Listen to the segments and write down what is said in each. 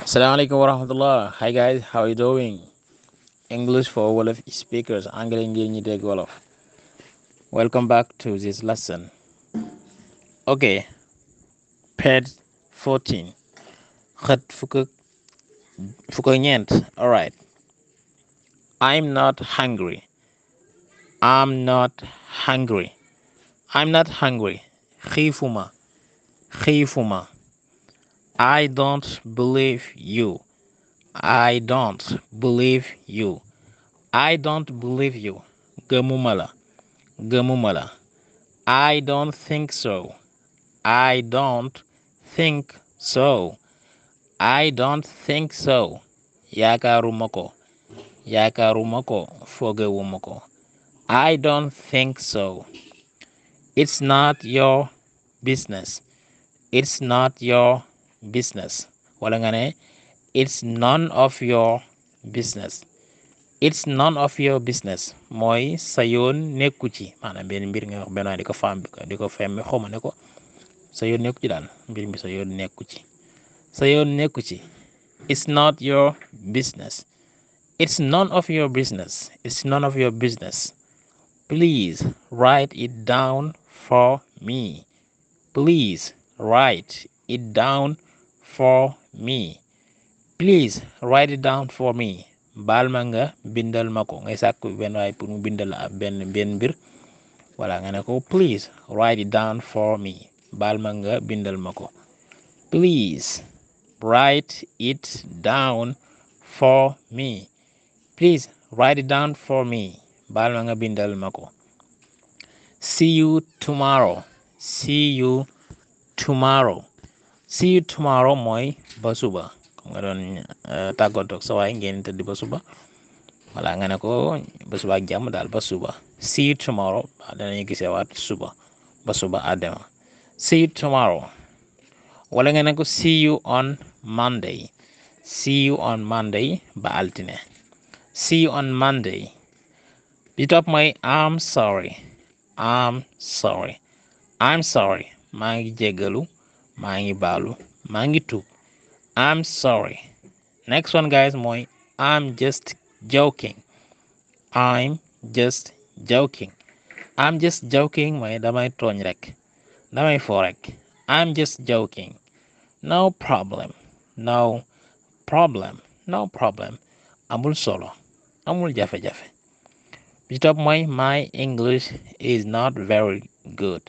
Assalamualaikum warahmatullah. Hi guys, how you doing? English for Wolof speakers. Anglais ngeen ñi dégg Wolof. Welcome back to this lesson. Okay. Page 14. Xët fukk fukk ñeent. I'm not hungry. I'm not hungry. I'm not I don't believe you. I don't believe you. I don't believe you. Gëmuma la. Gëmuma la. I don't think so. I don't think so. I don't think so. Yaakaaruma ko. Yaakaaruma ko. Foogewuma ko. I don't think so. It's not your business. It's not your business wala nga ne it's none of your business it's none of your business mooy sa yoon nekku ci maanaam benn mbir nga benn di ko faam di ko femme xaw ma ne ko sa yoon nekku ci daal mbir mi sa yoon nekku ci sa yoon nekku ci it's not your business it's none of your business it's none of your business please write it down for me please write it down for me please write it down for me baal ma nga bindal ma ko ngay sàkk benn waay mu bindal a ab benn benn mbir nga ne ko please write it down for me baal ma nga bindal ma ko please write it down for me baal ma nga bindal ma ko see you tomorrow see you tomorrow see you tomorrow mooy ba suba nga doon eh, tàggatoo sa waay ngeen tëdd ba suba wala nga ne ko ba suba ak jàmm daal ba suba see you tomorrow danañu gisee suba ba suba àddama see you tomorrow wala nga ne ko see you on Monday see you on Monday ba altine see you on Monday bi topp mooy I'm sorry I'm sorry I'm sorry maa ngi jéggalu maa ngi baalu maa ngi tuub I'm sorry next one guys mooy I'm just joking I'm just joking I'm just joking mooy damay tooñ rek damay foo rek I'm just joking no problem no problem no problem amul solo amul jafe-jafe bi topp mooy my English is not very good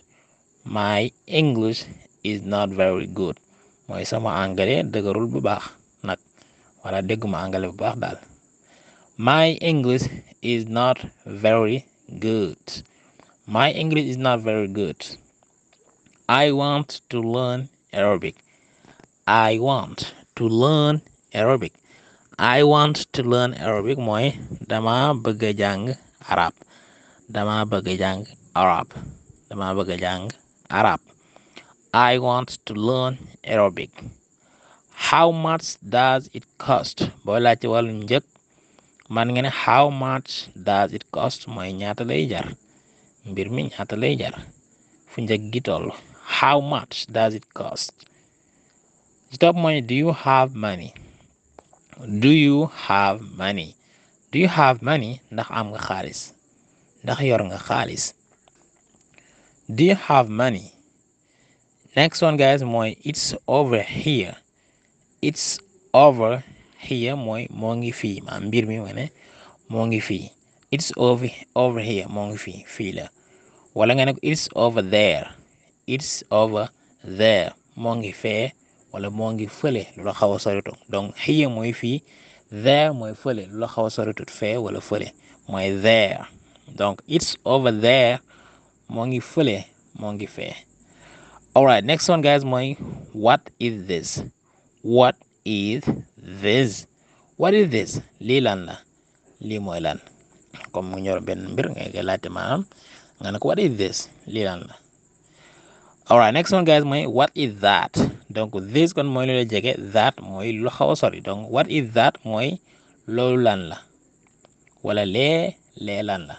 my English is not very good mooy sama anglais dëgërul bu baax nag wala dégguma anglais bu baax daal my English is not very good my English is not very good I want to learn Arabic I want to learn Arabic I want to learn Arabic mooy dama bëgg a jàng arab dama bëgg a jàng arab bëgg a jàng arab I want to learn Arabic how much does it cost boo laajte wàllum njëg man nga ne how much does it cost mooy ñaata lay jar mbir mi ñaata lay jar fu njëg gitol toll how much does it cost ci topp do you have money do you have money do you have money ndax am nga xaalis ndax yor nga xaalis do you have money next one guys mooy it's over here it's over here mooy moo ngi fii ma mbir mi ma ne moo ngi fii it's over here moo ngi fii fii la wala nga ne ko it's over there it's over there moo ngi fee wala moo ngi fële lu la xaw a soritu donc here mooy fii there mooy fële lu a soritut fee wala fële mooy there donc it's over there moo ngi fële moo ngi fee all right next one guys my what is this what is this lii lan la lii mooy lan comme mu ñor benn mbir ngay ngay laajte maanaam nga ko what is this lii lan la all next one guys mooy what is that donc this kon mooy loolu jege that mooy la wala lee lee lan la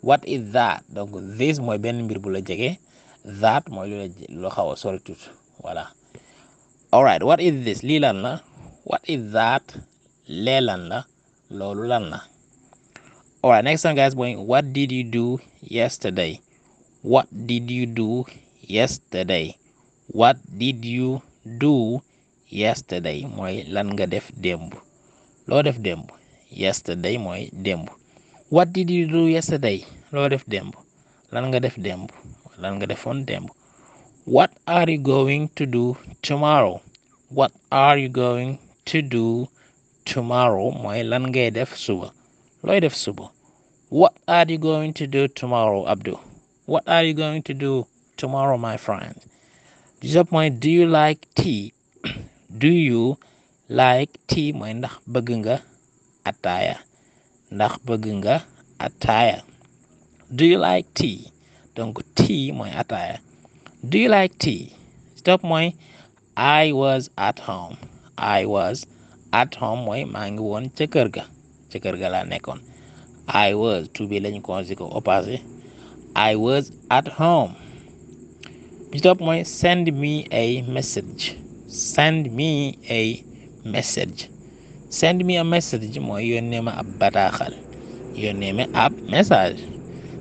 what is that donc this mooy benn mbir bu la jege that mooy lu lu xaw a sori tuut what is this lii lan la what is that lee lan la loolu lan la all right next time guys going what did you do yesterday what did you do yesterday mooy lan nga def démb loo def demb yesterday mooy démb what did you do yesterday loo def démb lan nga def demb lan nga defoon démb what are you going to do tomorrow what are you going to do tomorrow mooy lan ngay def suba looy def suba what are you going to do tomorrow Abdou what are you going to do tomorrow my friend deuxième mooy do you like tea do you like tea mooy ndax bëgg nga ataaya ndax bëgg nga ataaya do you like tea donc tea mooy ataaya do you like tea stop mooy I was at home I was at home mooy maa ngi woon ca kër ga ca kër ga laa nekkoon I was to be lañ conjugué ko passé I was at home bi topp mooy send me a message send me a message send me mooy yónnee ma ab bataaxal yónnee ma ab message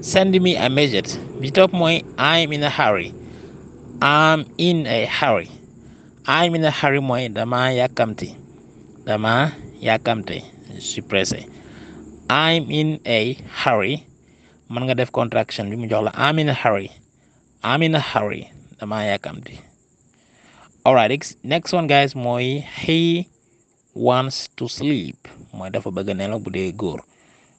send me a message bi topp mooy I'm in a hurry I'm in a hurry I'm in a hurry mooy dama yàkkamti dama yàkkamti je suis pressé I'm in a hurry mën nga def contraction bi mu jox la I'm in a hurry I'm in a hurry dama yàkkamti alright next one guys mooy he wants to sleep mooy dafa bëgg nelaw bu dee góor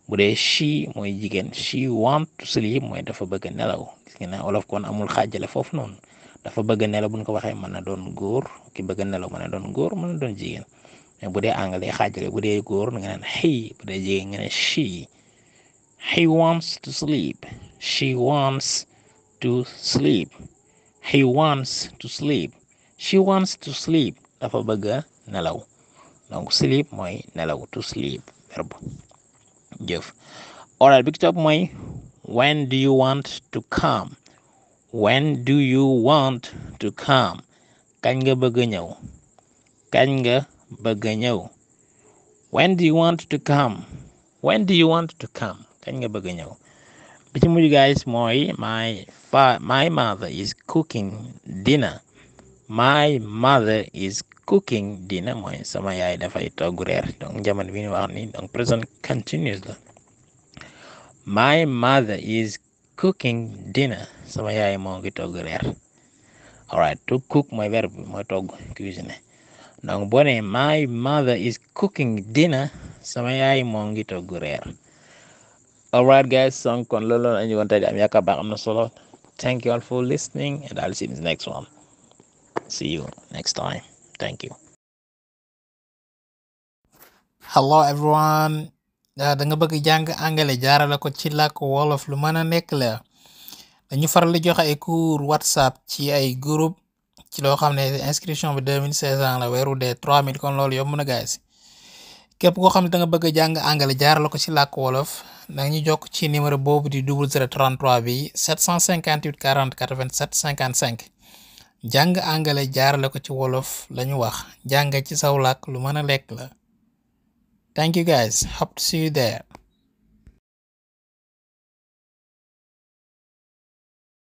bu dee she mooy jigéen she want to sleep mooy dafa bëgg nelaw gis nga ne olof kon amul xaajale foofu noonu dafa bëgg nelaw bu ko waxee mën na doon góor ki bëgg nelaw mën na doon góor mën na doon jigéen bu dee anglais xaajale bu dee góor nga naan he bu dee jigéen nga ne she he wants to sleep she wants dafa bëgg nelaw donc sleep mooy nelaw to sleep verbe jëf oral bi ki mooy when do you want to come when do you want to come kañ nga bëgg a ñëw when do you want to come kañ nga bëgg a ñëw bi ci my mother is cooking dinner my mother is cooking dinner mooy sama yaay dafay togg reer donc jamono bi ñu wax ni don present continuous la my mother is cooking dinner sama yaay moo ngi togg reer alright to cook mooy verbe bi mooy togg cuisiner sama yaay moo ngi togg reer alright guys song kon loolu la ñu woon tey am yaakaar baax na solo thank you all for listening and I'll see next one see you next time Thank you. Hello everyone. Ah, da nga bëgg jàng angale jaarale ko ci làkk wolof lu mën a nekk la dañu faral di joxe ay cours whatsapp ci ay groupe ci loo xam ne inscription bi deux mille seize ans la weeru dee trois mille kon loolu yomb na gaay si koo xam ne da nga bëgg a jàng angale jaarale ko ci làkk wolof da ñu jokk ci numéro boobu di double zero 33 bi 758 40 87 55. jàng angale jaarale ko ci wolof lañu wax jàng ci saw làkk lu mën a lekk la thank you guys hope to see you there